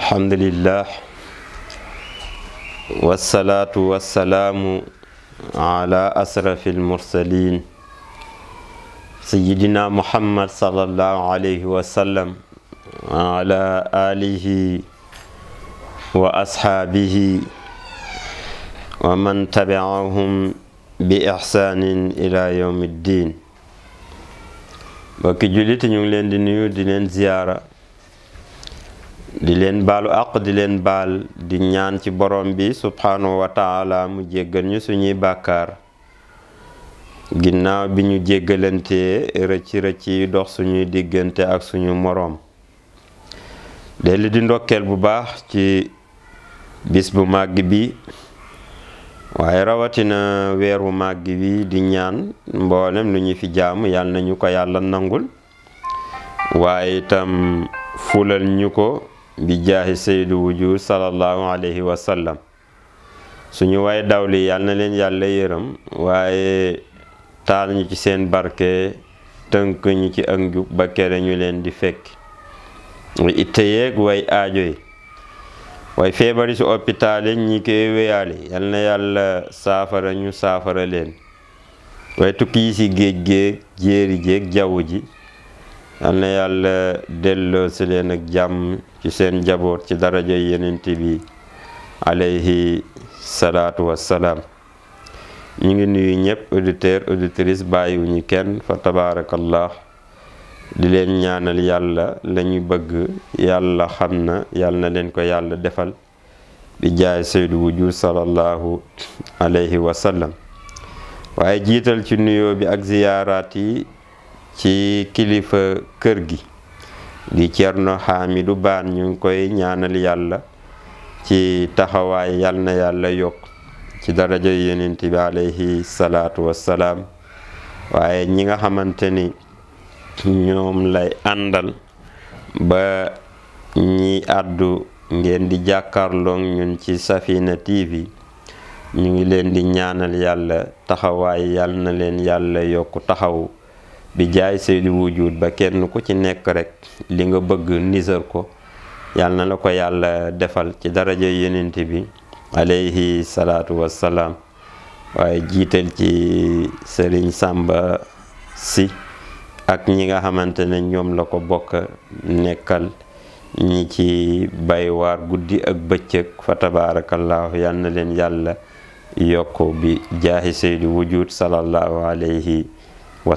alhamdulillah wassalaatu wassalaamu ala asrafi almursalin sayidina muhammad salallahu alayhi wa sallam wa ala alihi wa ashaabihi wa man tabiahum bi ihsaanin ila yawmi ddin mbokki jullit ñu ngi leen di nuyu di leen ziyaara di leen baalu àq di leen baal di ñaan ci borom bi subxanahu wa taala mu jéggal ñu suñuy bàkkaar ginnaaw bi ñu jéggalantee rëcc rëcc yi dox suñuy diggante ak suñu moroom dellu di ndokkeel bu baax ci bis bu màgg bi waaye rawatina weer wu màgg bi di ñaan mboolem lu ñu fi jaamu yàlla nañu ko yàlla nangul waaye itam fulal ñu ko bi jaahi sayyidu wujud sallallahu alayhi wa sallam suñu way dawli yal na leen yàlla yërëm waaye taal ñu ci seen barke tënk ñu ci ak njub ba kere ñu leen di fekk itte yeeg way aajo yi way feebari si opitaal yi ñi koy wéyaale yàlla saafara ñu saafara leen way tukki yi si géej géeg jéeri jéeg jaww ji am na yàlla delloo si leen ak jàmm ci seen jaboot ci daraja yenent bi aleyhi salaatu wassalaam ñu ngi nuyu ñëpp auditeur auditrice bàyyiwuñu kenn fa tabaarakallah di leen ñaanal yàlla lañu bëgg yàlla xam na yàlla na leen ko yàlla defal di jaay saydu wujud sallallahu aleyhi wasallam waaye jiital ci nuyoo bi ak ziyaaraat ci kilifa kër gi di Cerno du Bane ñu ngi koy ñaanal yàlla ci taxawaay yal na yàlla yokk ci daraja yeneen bi aleyhi salaatu wassalaam waaye ñi nga xamante ni ñoom lay àndal ba ñi àddu ngeen di jàkkaarloog ñun ci Safina TV ñu ngi leen di ñaanal yàlla taxawaay yal na leen yàlla yokk taxaw bi jaay seeni wujud ba kenn ku ci nekk rek li nga bëgg nisar ko yàlla na la ko yàlla defal ci daraja yeneent bi aleyhi salaatu wassalaam waaye jiital ci Sëriñ Sàmba Si ak ñi nga xamante ne ñoom la ko bokk nekkal ñi ci bay waar guddi ak bëccëg fa tabaarakallaahu yal leen yàlla yokk bi jaahi seydi wujud sallallahu alayhi wa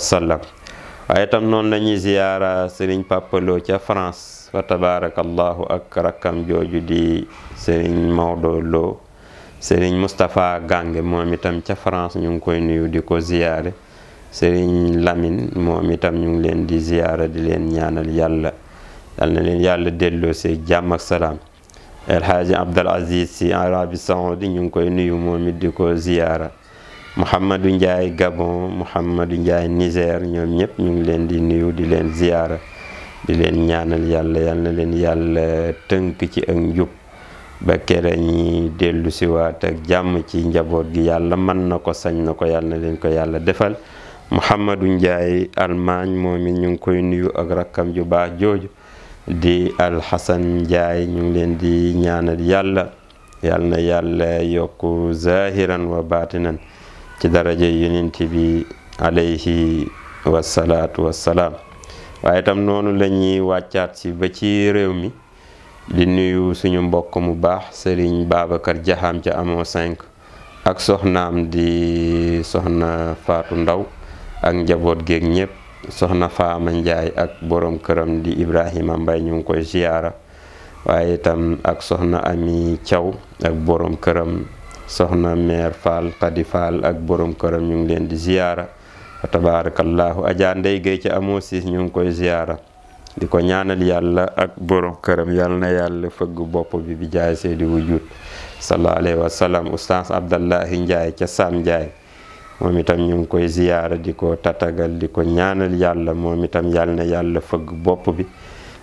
waaye itam noonu la ñuy ziyaara sëriñ Papaloo ca France fa tabarakallahu ak rakkam jooju di sëriñ Maodo Lo sëriñ Moustapha Gange moom itam ca France ñu ngi koy nuyu di ko ziyaare sëriñ Lamine moom itam ñu ngi leen di ziyaara di leen ñaanal yàlla yal na leen yàlla delloo si jàmm ak salaam El Hadji Abdul Aziz si Arabie Saoudi ñu ngi koy nuyu moo it di ko ziyaara Mouhamadou njaay Gabon Mouhamadou Ndiaye Niger ñoom ñëpp ñu ngi leen di nuyu di leen ziyaara di leen ñaanal yàlla yal na leen yàlla tënk ci ak njub ba kere ñi dellu siwaat ak jàmm ci njaboot gi yàlla mën na ko sañ na ko yàlla na leen ko yàlla defal Mouhamadou Ndiaye Allemagne moom it ñu ngi koy nuyu ak rakkam ju baax jooju di Alxasan njaay ñu ngi leen di ñaanal yàlla yàlla na yàlla yokk zahiran wa baatinan ci daraje yonent bi alayhi wasalaatu wasalaam waaye tam noonu la ñuy wàccaat si ba ci réew mi di nuyu suñu mbokk mu baax Serigne Babacar Jaxaam ca amoo 5 ak soxnaam di soxna Faatu Ndaw ak njaboot geek ñëpp soxna Faama Njaay ak borom këram di Ibrahima Mbay ñu ngi koy ziyaara waaye itam ak soxna Ami caw ak borom këram soxna meer Fall Khady Fall ak borom këram ñu ngi leen di ziyaara fa tabaarakallaahu Adja Ndey ci amoo siis ñu ngi koy ziyaara di ko ñaanal yàlla ak borom këram yàlla na yàlla fëgg bopp bi bi jaay seedi wujud sallallahu alayhi wa sallam oustaz Abdallahi Ndiaye ca Sam moom itam ñu koy ziyaara di ko tatagal di ko ñaanal yàlla moom itam yàlla na yàlla bopp bi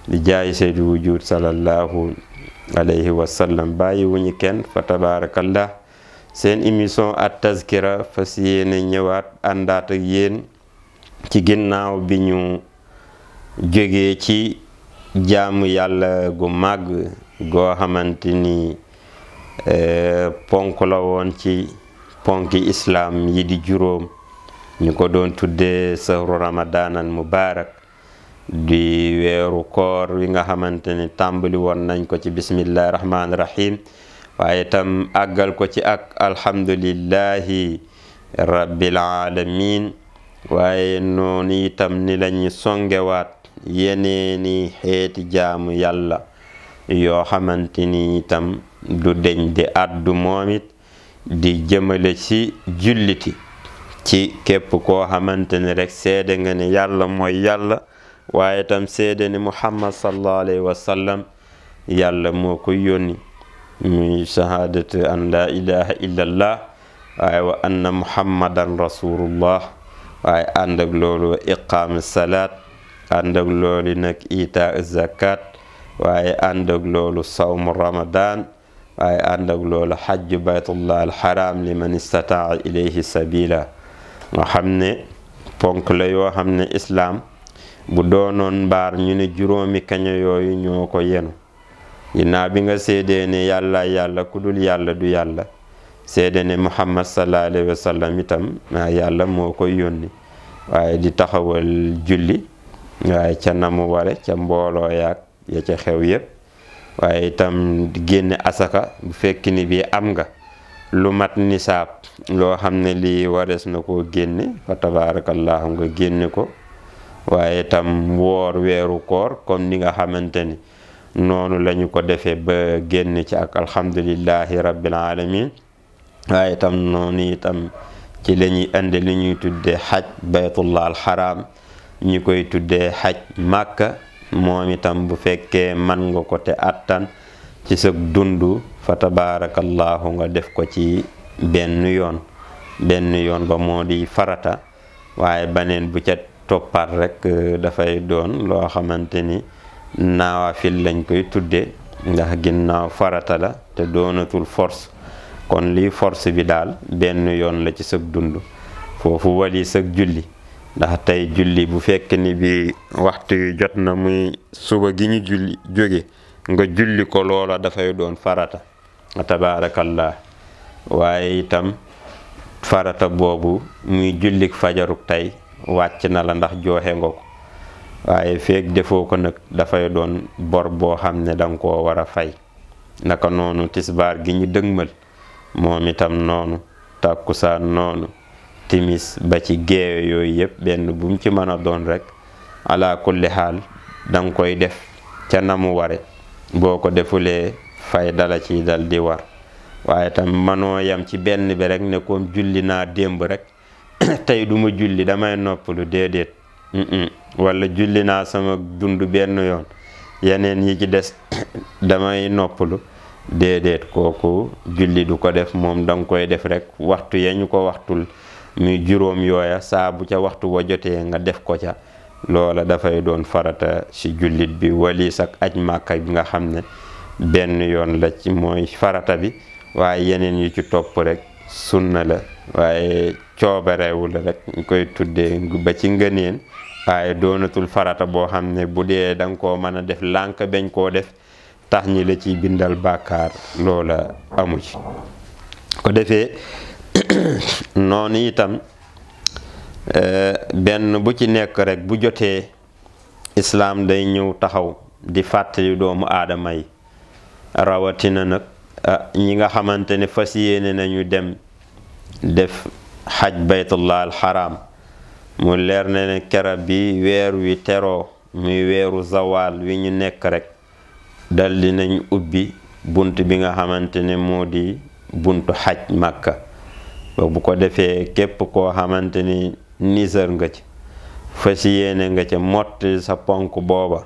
di jaay seedi wujud sallallahu alayhi wa sallam wuñu kenn fa tabaarakallah seen émission at tazkira fas yéene ñëwaat àndaat ak yéen ci ginnaaw bi ñu jógee ci jaamu yàlla gu màgg goo xamante ni eh, ponk la woon ci ponk islaam yi di juróom ñu ko doon tuddee sahru ramadaanal mubaarak di weeru koor wi nga xamante ni tàmbali woon nañ ko ci bismillahi rahmaani waaye tam àggal ko ci ak alhamdulillahi rabbil alamin waaye noonu itam ni lañu songewaat yeneeni xeeti jaamu yàlla yoo xamante ni itam du deñ di àddu moom di jëmale ci julliti ci képp koo xamante ni rek seede nga ne yàlla mooy yàlla waaye tam seede ni muhammad sallallahu alayhi wa sallam yàlla moo ko yónni mi shahaadatu an laa ilaha illallah waaye wa anna muhammadan rasulullah waaye ànd ak loolu salaat ànd ak loolu itaa zakat waaye ànd ak loolu sawmu ramadan waaye ànd ak baytullah alxaram li man istataa ilayhi sabila nga ne ponk la yoo xam ne islaam bu doonoon mbaar ñu ne juróomi kaña yooyu ñoo ko yenu naa bi nga seedee ne yàlla yàlla ku dul yàlla du yàlla seede ne muhammad sallallahu alayhi wa sallam ah, yàlla moo koy yónni waaye di taxawal julli waaye ca namu ware ca mbooloo yaag ya ca xew yépp waaye itam génne asaka bu fekk ni bii am nga lu mat ni nisaab loo xam ne lii warees na koo génne fa tabaarakallaahu nga génne ko waaye itam woor weeru koor comme ni nga xamante ni noonu lañu ko defe ba génn ci ak alhamdulillahi rabbil alamin waaye itam noonu itam ci lañuy ñuy indi li ñuy xaj baytullah alxaram ñi koy tuddee xaj màkka moom itam bu fekkee man nga ko te attan ci sa dund fa tabaarakallaahu nga def ko ci benn yoon benn yoon ba moo di farata waaye baneen bu ca toppaat rekk dafay doon loo xamante ni naawafil lañ koy tudde ndax ginnaaw farata la te doonatul force kon lii force bi daal benn yoon la ci sëg dund foofu wali sëg julli ndax tey julli bu fekk ni bi waxtu yu jot na muy suba gi ñu julli jóge nga julli ko loola dafay doon farata tabaarakallah waaye itam farata boobu muy jullik fajaruk tey wàcc na la ndax joxe nga ko waaye feek defoo ko nag dafay doon bor boo xam ne danga ko war a fay naka noonu tisbaar gi ñu dëgmal moom itam noonu tàkkusaan noonu timis ba ci geewe yooyu yëpp benn bu mu ci mën a doon rekk ala kulli xaal danga koy def ca namu mu ware boo ko defulee fay dala ci dal di war waaye tam manoo yam ci benn bi rek ne koom julli naa démb rekk tey duma julli damay noppalu déedéet walla julli naa sama dund benn yoon yeneen yi ci des damay noppalu déedéet kooku julli du ko def moom danga koy def rekk waxtu ya ñu ko waxtul muy juróom yooya saabu ca waxtu wa jotee nga def ko ca loola dafay doon farata ci jullit bi walis ak aj màkka bi nga xam ne benn yoon la ci mooy farata bi waaye yeneen yu ci topp rek sunna la waaye coobarewu la rek koy tuddee ba ci ngëneen waaye doonatul farata boo xam ne bu dee danga nga koo mën a def lànk bañ koo def tax ñi la ciy bindal bàkkaar loola amu ci ko defee noonu itam eh, benn bu ci nekk rekk bu jotee islaam day ñëw taxaw di fàttali doomu aadama yi rawatina nag ah, ñi nga xamante ne fas yéene nañu dem def xaj baytullah al xaraam mu leer na ne kera bi weer wi teroo muy weeru zawaal wi ñu nekk rek daldi nañ ubbi bunt bi nga xamante ne moo di buntu xaj màkka bu ko defee képp koo xamante ni nisër nga ci fas yéene nga ca mottali sa ponk booba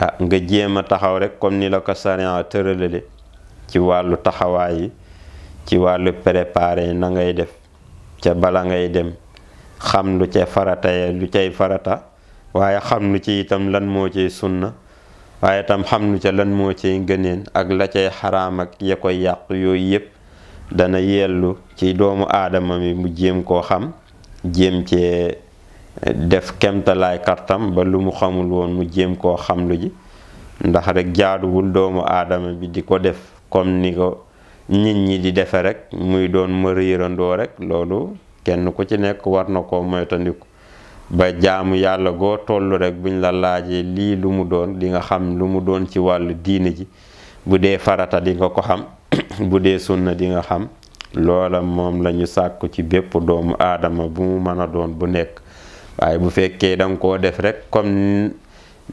ah nga jéem a taxaw rekk comme ni la ko sariya tëralale ci wàllu taxawaay yi ci wàllu préparé na ngay def ca bala ngay dem xam lu ca farata ya lu cay farata waaye xam lu ci itam lan moo ciy sunna waaye tam xam lu ca lan moo ciy ngëneen ak la cay xaraam ak ya koy yàq yooyu yépp dana yellu ci doomu aadama mi mu jéem koo xam jéem cee def kemtalaay kartam ba lu xamul woon mu jéem koo xam lu ji ndax rek jaaduwul doomu aadama bi di ko def comme ni ko nit ñi di defe rek muy doon ma réerandoo rekk loolu kenn ku ci nekk war na koo moytandiku ba jaamu yàlla goo toll rek buñ la laajee lii lu mu doon di nga xam lu mu doon ci wàllu diine ji bu dee farata di nga ko xam bu dee sunna di nga xam loola moom lañu ñu sàkku ci bépp doomu aadama bu mu mën a doon bu nekk waaye bu fekkee danga koo def rekk comme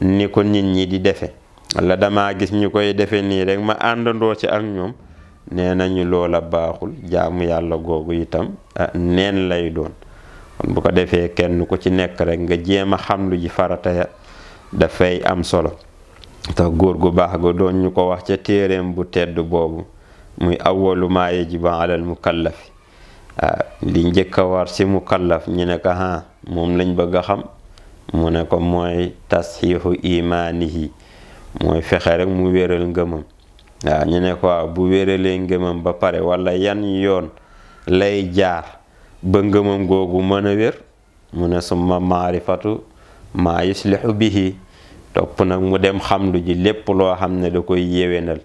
ni ko nit ñi di defe walla dama gis ñu koy defe nii rekk ma àndandoo ci ak ñoom nee nañu loola baaxul jaamu yàlla googu itam ah, neen lay doon kon bu ko defee kenn ku ci nekk rek nga jéem a xam lu ji farata ya dafay am solo tax góor gu baax ga doon ñu ko wax ca téeréem bu tedd boobu muy awwalu maa yajibu alal mukallafi waaw ah, li njëkk a war si kallaf ñu ne ko ah moom lañ bëgg a xam mu ne ko mooy tasxiixu yi mooy fexe rek mu wéral ngëmam waaw ñu ne ko waaw bu wéralee ngëmam ba pare walla yan yoon lay jaar ba ngëmam googu mën a wér mu ne summa maarifatu maa yuslihu bihi topp nag mu dem xamlu ji lépp loo xam ne da koy yéwénal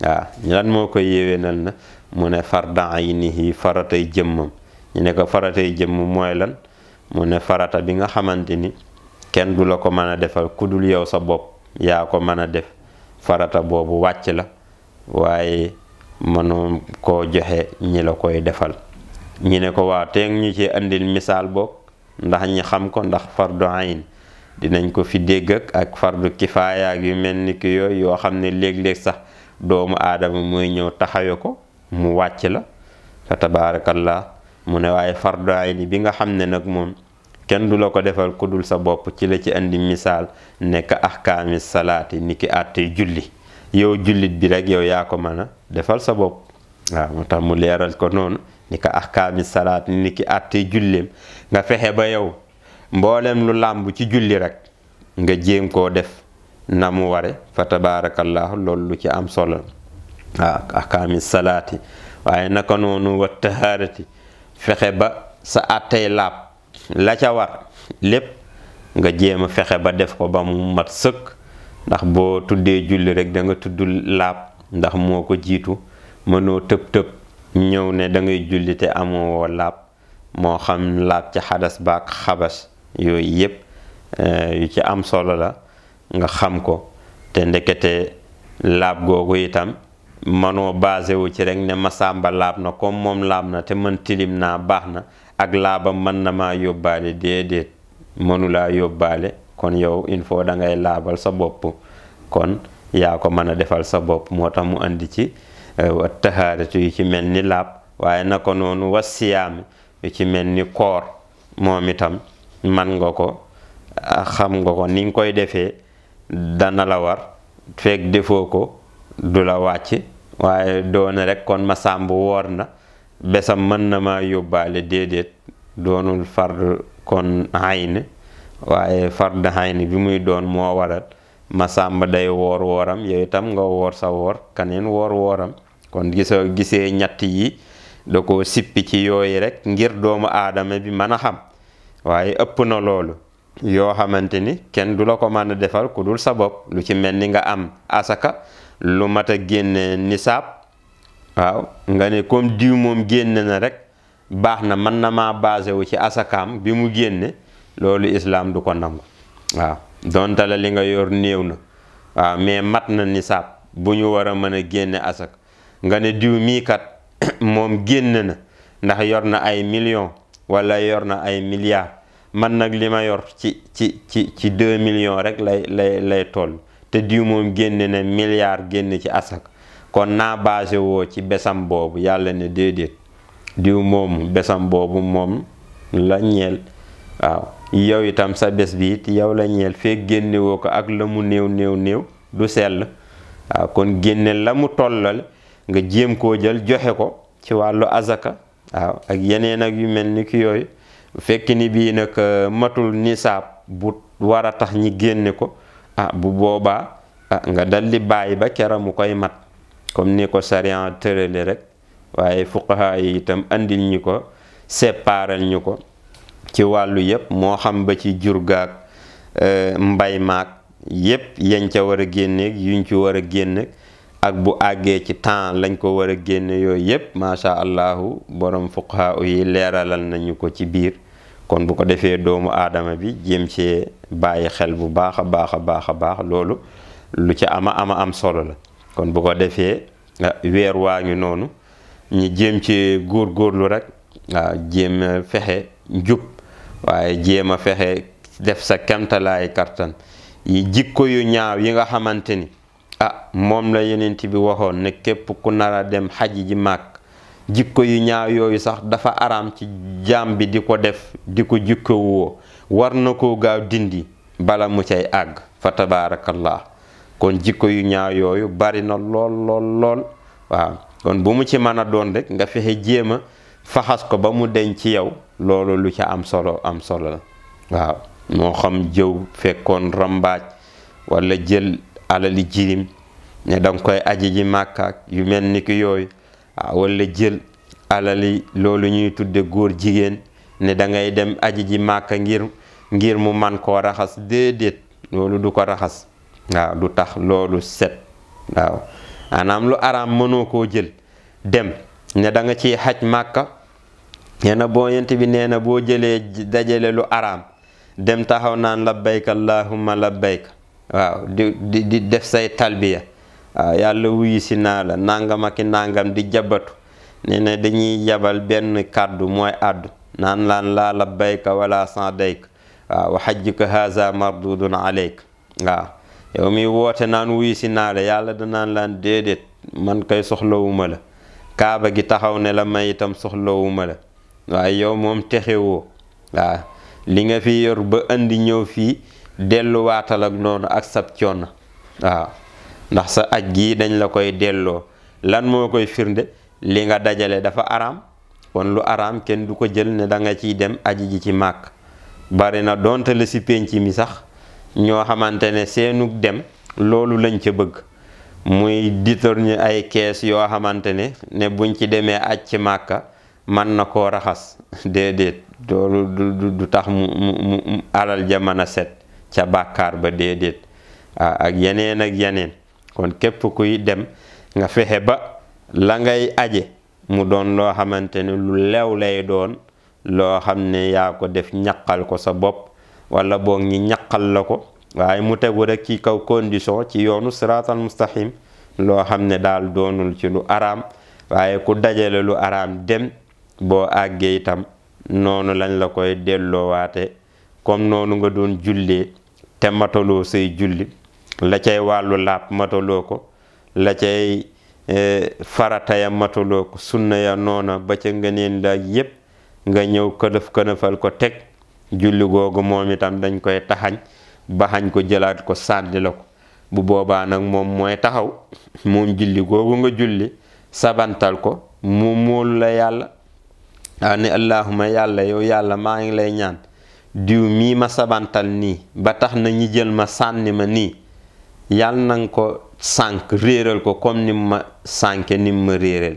waaw lan moo koy yéwénal na mu ne farda aynihi faratay jëmmam ñu ne ko faratay jëmm mooy lan mu ne farata bi nga xamante ni kenn du la ko mën a defal ku dul yow sa bopp yaa ko mën a def farata boobu wàcc la waaye mënoon koo joxe ñi la koy defal ñi ne ko waa teeg ñi ci andil misaal boog ndax ñi xam ko ndax fardu ayn dinañ ko fi dégg ak ak fardu kifaaya yu mel ni ki yooyu yoo xam ne léeg-léeg sax doomu aadama mooy ñëw taxawe ko mu wàcc la fa tabaarakallah mu ne waaye fardu ayni bi nga xam ne nag moom kenn du la ko defal ku dul sa bopp ci la ci indi misaal nekk ahkaami salaati niki àttey julli yow jullit bi rek yow yaa ko mën a defal sa bopp waaw moo tax mu leeral ko noonu ni ko ahkaami salaat ni ki àttee julleem nga fexe ba yow mboolem lu làmb ci julli rek nga jéem koo def na mu ware fa tabaarakallaahu loolu lu ci am solo waaw ahkaami salaati waaye naka noonu wa tahaarati fexe ba sa àttey laab la ca war lépp nga jéema fexe ba def ko ba mu mat sëkk ndax boo tuddee julli rek danga tudd laab ndax moo ko jiitu mënoo tëb tëb ñëw ne da ngay julli te amoo laab moo xam laab ci xadas baak xabas yooyu yépp eh, yu ci am solo la nga xam ko te ndekete laab googu itam manoo basé wu ci rek ne masamba laab na comme moom laab na te mën tilim naa baax na ak laaba mën na maa yóbbaale déedéet mënulaa yóbbaale kon yow il faut da ngay laabal sa bopp kon yaa ko mën a defal sa bopp moo tax mu indi ci eh, taxaaratu yu ci mel ni laab waaye na ko noonu was siyaam yu ci mel ni koor moom itam man nga ko ah, xam nga ko ni koy defee dana la war fekk defoo ko du la wàcc waaye doona rek kon ma sàmb woor na besam mën na ma yóbbaale déedéet doonul fardu kon ayn waaye fardu hayni bi muy doon moo waral Masamba day woor wooram yow itam nga woor sa woor kaneen woor wooram kon gisoo gisee ñett yi da ko sippi ci yooyu rek ngir doomu aadama bi mën a xam waaye ëpp na loolu yoo xamante ni kenn du la ko mën a defal ku dul sa bopp lu ci mel ni nga am asaka lu mat a génne nisaab waaw nga ne comme diw moom génne na rek baax na mën na ma basé wu ci asakaam bi mu génne loolu islaam du ko nangu waaw donte li nga yor néew na waaw mais mat na nisaab bu ñu war a mën a génne asak nga ne diw mii kat moom génn na ndax yor na ay million wala yor na ay milliards man nag li ma yor ci ci ci ci deux millions rek lay lay lay toll te diw moom génn ne milliard génn ci asak kon naa basé woo ci besam boobu yàlla ne déedéet diw moomu besam boobu moom la ñeel waaw yow itam sa bés bi it yow la ñeel génnewoo ko ak lamu néew néew néew du sell waaw kon génne la mu tollal nga jéem koo jël joxe ko ci wàllu azaka waaw ak yeneen ak yu mel ni ki yooyu fekk ni bii nag euh, matul ni saab bu wara tax ñi génne ko ah bu boobaa ah, nga daldi bàyyi ba keramu mu koy mat comme ni ko sariya tërale rek waaye fuqaha yi itam andil ñu ko séparal ñu ko ci wàllu yépp moo xam ba ci jur gaag euh, mbay maak yépp yañ ca war a génneeg yuñ ci war a génneeg ak bu àggee ci temps lañ ko war a génne yooyu yépp macha allahu borom fuqaha yi leeralal nañu ko ci biir kon bu ko defee doomu aadama bi jéem cee bàyyi xel bu baax a baax a baax a baax loolu lu ci ama ama am solo la kon bu ko defee ah, weer waa noonu ñu jéem ci góor góorlu rek waaw ah, jéem fexe njub waaye jéem a fexe def sa kemtalaay kartan yi jikko yu ñaaw yi nga xamante ni ah moom la yenent bi waxoon ne képp ku nar a dem xaj ji màkk jikko yu ñaaw yooyu sax dafa araam ci jaam bi di ko def di ko jikkowoo war na ko gaaw dindi bala mu cay àgg fa tabaarakallah kon jikko yu ñaaw yooyu bari na lool lool lool waaw kon bu mu ci mën a doon rek nga fexe jéema faxas ko ba mu deñ ci yow loolu lu ca am solo am solo la waaw moo xam jëw fekkoon rambaaj wala jël alali jirim ne danga koy aji ji màkkaak yu mel ni ki yooyu ah, wala jël alali loolu ñuy tudde góor jigéen ne da dem aji ji màkka ngir mu man koo raxas déedéet loolu du ko raxas waaw du tax loolu set waaw maanaam lu araam mënoo koo jël dem ne da ciy xaj màkka nee na boo yent bi nee na boo jëlee dajale lu araam dem taxaw naan labbayk allahumma labbayk waaw di di def say talbiya waaw yàlla wuyu si naa la di jabatu nee dañuy yabal benn kàddu mooy àddu naan laan laa labbayka wala sadayk waaw wa hajjuka haza mardudun aleyk waaw yow mi woote naan wuyu si naa la yàlla danaan laan déedéet man koy soxlawuma la kaaba gi taxaw ne la may itam soxlawuma la waa yow moom texewoo waaw li nga fi yor ba indi ñëw fii delluwaatal ak noonu ak sab coon waaw ndax sa aj gi dañ la koy delloo lan moo koy firnde li nga dajale dafa araam kon lu araam kenn du ko jël ne danga ciy dem aj gi ci màkk bari na donte la si pénc mi sax ñoo xamante ne seenug dem loolu lañ ca bëgg muy ditor ñu ay kees yoo xamante ne ne buñ ci demee aj ci màkka man na ko raxas déedéet loolu du tax mu mu alal ja mën a set ca bàkkaar ba déedéet ak yeneen ak yeneen kon képp kuy dem nga fexe ba la ngay aje mu doon loo xamante ne lu lew lay doon loo xam ne yaa ko def ñaqal ko sa bopp walla boog ñi ñaqal la ko waaye mu tegu rek ci kaw condition ci yoonu siraatal mustaqim loo xam ne daal doonul ci lu araam waaye ku dajale lu araam dem boo àggee itam noonu lañ la koy delloowaate kom noonu nga doon jullee te mataloo say julli la cay wàllu làpp mataloo ko la cay eh, farata ya mataloo ko sunna ya noona ba ca ngëneen la yépp nga ñëw këlëf këlëfal ko teg julli googu moom itam dañ koy taxañ baxañ ko jëlaat ko sànni la ko bu boobaa nag moom mooy taxaw moom julli googu nga julli sabantal ko mu moolu la yàlla waaw ne allahuma yàlla yow yàlla maa ngi lay ñaan diw mii ma sabantal nii ba tax na ñi jël ma sànni ma nii yàlla nanga ko sànk réeral ko comme ni ma sànke ni ma réeral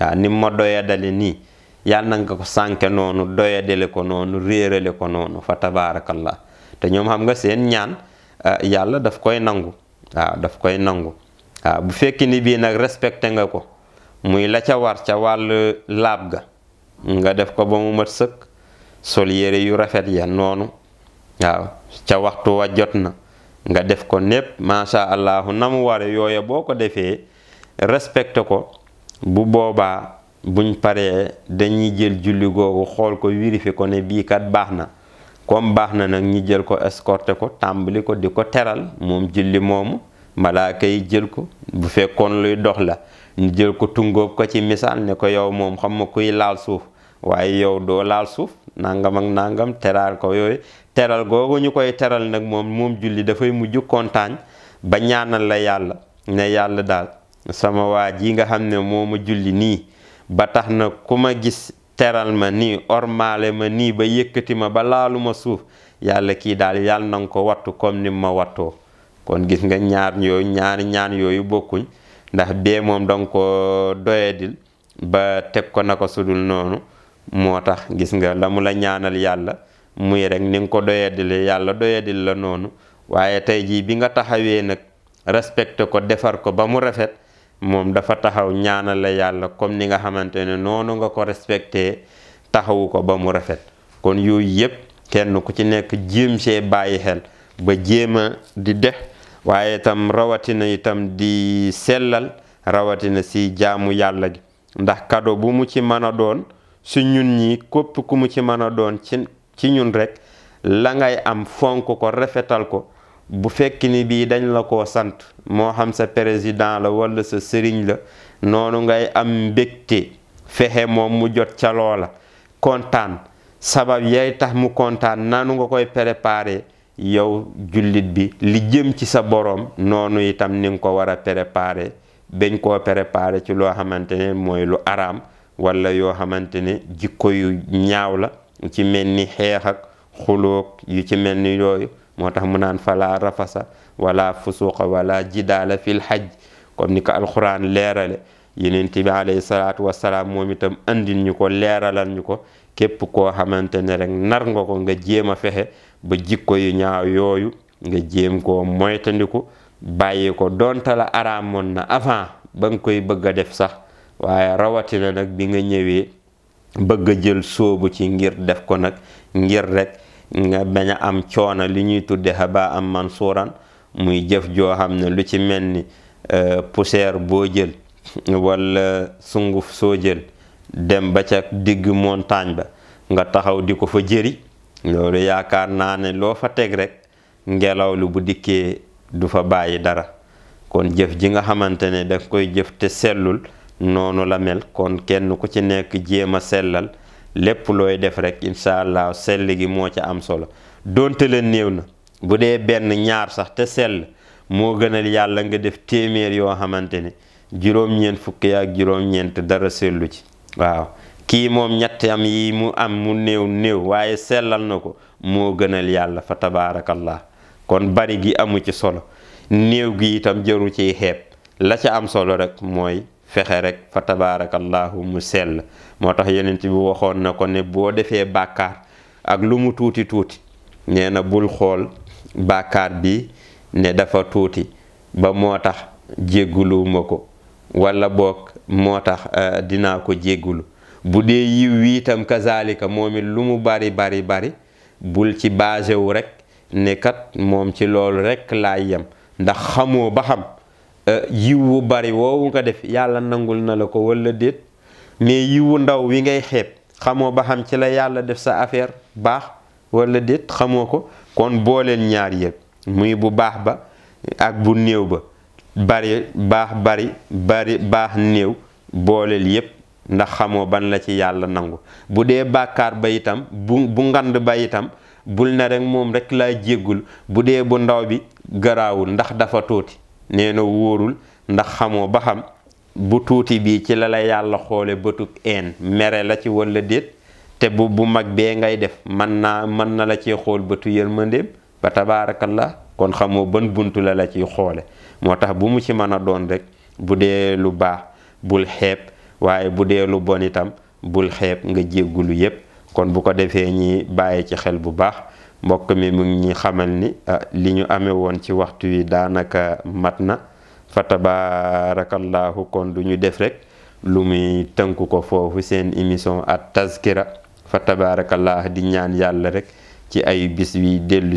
waaw ni ma doyadale nii yàlla nanga ko sànke noonu doyadale ko noonu réerale ko noonu fa tabaarakallah te ñoom xam nga seen ñaan ah, yàlla daf koy nangu waaw daf koy nangu waaw bu fekki ni bii nag respecte nga ko muy la ca war ca wàllu laab ga nga def ko ba mu mat sëkk sol yére yu rafet ya noonu waaw ca waxtu wa jot na nga def ko népp macha allahu na mu ware yooya boo ko defee respecté ko bu boobaa buñ paree dañuy jël julli googu xool ko vérifié ko ne bii kat baax na comme baax na nag ñu jël ko escorté ko tàmbali ko di ko teral moom julli moomu malaa yi jël ko bu fekkoon luy dox la jël ko tungóob ko ci misaal ne ko yow moom xam ma kuy laal suuf waaye yow doo laal suuf nangam ak nangam teraal ko yooyu teral googu ñu koy teral nag moom moom julli dafay mujj kontaan ba ñaanal la yàlla ne yàlla daal sama waa ji nga xam ne moo ma julli nii ba tax na ku ma gis teral ma nii ormaale ma nii ba yëkkati ma ba ma suuf yàlla kii daal yàlla na ko wattu comme ni ma wattoo kon gis nga ñaar yooyu ñaari ñaan yooyu bokkuñ ndax bee moom danga ko doyadil ba teg ko na ko sudul noonu moo tax gis nga la mu la ñaanal yàlla muy rek ni nga ko doyadile yàlla doyadil la noonu waaye tey jii bi nga taxawee nag respecté ko defar ko ba mu rafet moom dafa taxaw ñaanal la yàlla comme ni nga xamante ne noonu nga ko respecté taxawu ko ba mu rafet kon yooyu yëpp kenn ku ci nekk jéem see bàyyi xel ba jéema di def waaye itam rawatina itam di sellal rawatina si jaamu yàlla gi ndax kado bu mu ci mën a doon su ñun ñi képp ku mu ci mën a doon ci ci ñun rek la ngay am fonk ko rafetal ko bu fekk ni bii dañ la ko sant moo xam sa président la walla sa sëriñ la noonu ngay am mbégte fexe moom mu jot caloola loola kontaan sabab yay tax mu kontaan nanu nga koy préparer yow jullit bi li jëm ci sa borom noonu itam ni nga ko war a préparer bañ koo préparer ci loo xamante ne mooy lu araam walla yoo xamante ne jikko yu ñaaw la ci mel ni xeex ak xuloog yu ci mel ni yooyu moo tax mu naan fala rafasa wala fusuqa wala jidaala fil xaj comme ni ko alxuraan leerale Yonent bi alayhi salaatu wasalaam moom itam andil ñu ko leeralal ko képp koo xamante ne rek nar nga ko nga jéem a fexe ba jikko yu ñaaw yooyu nga jéem koo moytandiku bàyyi ko donte la araamoon na avant ba nga koy bëgg a def sax waaye rawatina nag bi nga ñëwee bëgg a jël sóobu ci ngir def ko nag ngir rek nga bañ a am coono li ñuy tudde haba am mansuuran muy jëf joo xam ne lu ci mel ni euh, poussière boo jël wala sunguf soo jël dem ba ca digg montagne ba nga taxaw di ko fa jëri loolu yaakaar naa ne loo fa teg rek ngelaw lu bu dikkee du fa bàyyi dara kon jëf ji nga xamante ne danga koy jëf te sellul noonu la mel kon kenn ku ci nekk jéem a sellal lépp looy def rek incha sell gi moo ca am solo doonte la néew na bu dee benn ñaar sax te sell moo gënal yàlla nga def téeméer yoo xamante ne juróom-ñeent fukki ak juróom-ñeent dara sellu ci waaw kii moom ñetti am yi mu am mu néew néew waaye sellal na ko moo gënal yàlla fa tabaarakallah kon bari gi amu ci solo néew gi itam jëru ciy xeeb la ci am solo rek mooy fexe rek fa tabaarakallahu mu sell moo tax yonent bi waxoon na ko ne boo defee bàkkaar ak lu mu tuuti tuuti nee na bul xool bàkkaar bi ne dafa tuuti ba moo tax jégguluwuma ko walla boog moo tax euh, dinaa ko jéggulu bu dee yiw wi itam kazaalika moom it lu mu bari bari bari bul ci baasewu rekk rek moom ci loolu rekk laay yem ndax xamoo ba xam euh, yiw wu bari woowu nga def yàlla nangul na la ko wala déet mais yiwu ndaw wi ngay xeeb xamoo ba xam ci la yàlla def sa affaire baax wala déet xamoo ko kon booleel ñaar yëpp muy bu baax ba ak bu néew ba bari baax bari bari baax néew booleel yépp ndax xamoo ban la ci yàlla nangu bu dee bàkkaar ba itam bu bu ngand ba itam bul na rekk moom rekk laa jéggul bu dee bu ndaw bi garawul ndax dafa tuuti nee na wóorul ndax xamoo ba xam bu tuuti bii ci la la yàlla xoole bëtu een mere la ci walla déet te bu bu mag bee ngay def mën naa mën na la cee xool bëtu yërmandeem ba la kon xamoo ban buntu la la ciy xoole moo tax bu mu ci mën a doon rek bu dee lu baax bul xeeb waaye bu dee lu bon itam bul xeeb nga jéggulu yépp kon bu ko defee ñi bàyyi ci xel bu baax mbokk mi mu ngi xamal ni ah, li ñu amee woon ci waxtu wi daanaka mat na fa tabaarakallaahu kon du ñu def rek lu muy tënk ko foofu seen émission at tazkira fa tabaarakallah di ñaan yàlla rek ci ay bis wi dellu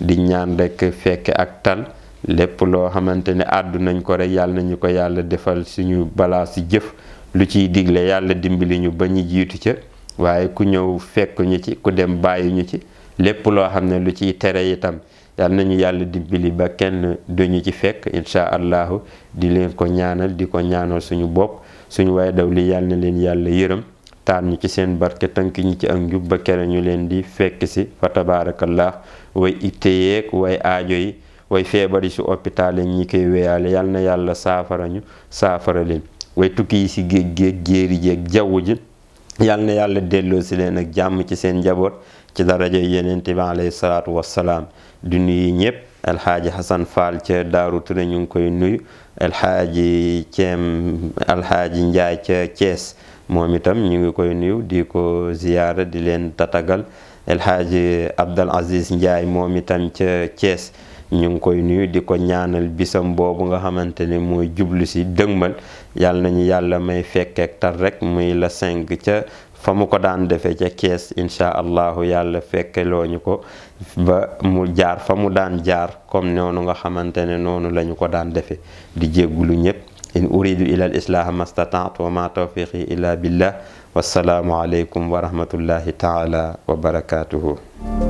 di ñaan rek fekk ak tal lépp loo xamante ne àddu nañ ko rek yàlla ñu ko yàlla defal suñu balaa si jëf lu ciy digle yàlla dimbali ñu ba ñu jiitu ca waaye ku ñëw fekk ñu ci ku dem bàyyi ñu ci lépp loo xam ne lu ciy tere itam yal nañu yàlla dimbali ba kenn duñu ci fekk incha allahu di leen ko ñaanal di ko ñaanal suñu bopp suñu waay daw li yàlla na leen yàlla yërëm taal ñu ci seen barke tënk ñi ci ak njub ba kere ñu leen di fekk si fa tabaarakallah way itte yeeg way aajo yi way feebar yi su hôpital yi ñi koy wéyaale yal na yàlla saafara ñu saafara leen way tukki yi si géej géej jéeri jéeg jaww ji yàlla na yàlla delloo si leen ak jàmm ci seen njaboot ci daraja yeneen bi alayhi salaatu wassalaam du nuyu ñëpp alxaaji Xasan Fall ca Daaru Ture ñu ngi koy nuyu alxaaji Ceem alxaaji Njaay ca Cees moom itam ñu ngi koy nuyu di ko ziyaara di leen tatagal alxaaji Abdal Aziz Njaay moom itam ca Cees ñu ngi koy nuyu di ko ñaanal bisam boobu nga xamante ne mooy jublu si dëgmal yàlla nañu yàlla may fekkeek tar rek muy la cinq ca fa mu ko daan defee ca kees incha allahu yàlla fekkeloo ñu ko ba mu jaar fa mu daan jaar comme noonu nga xamante ne noonu lañu ko daan defee di jéggulu ñëpp in uridu ila al islaha mastatat wa ma tawfiqi illa billah wassalaamu aleykum wa rahmatullahi taala wa barakatuhu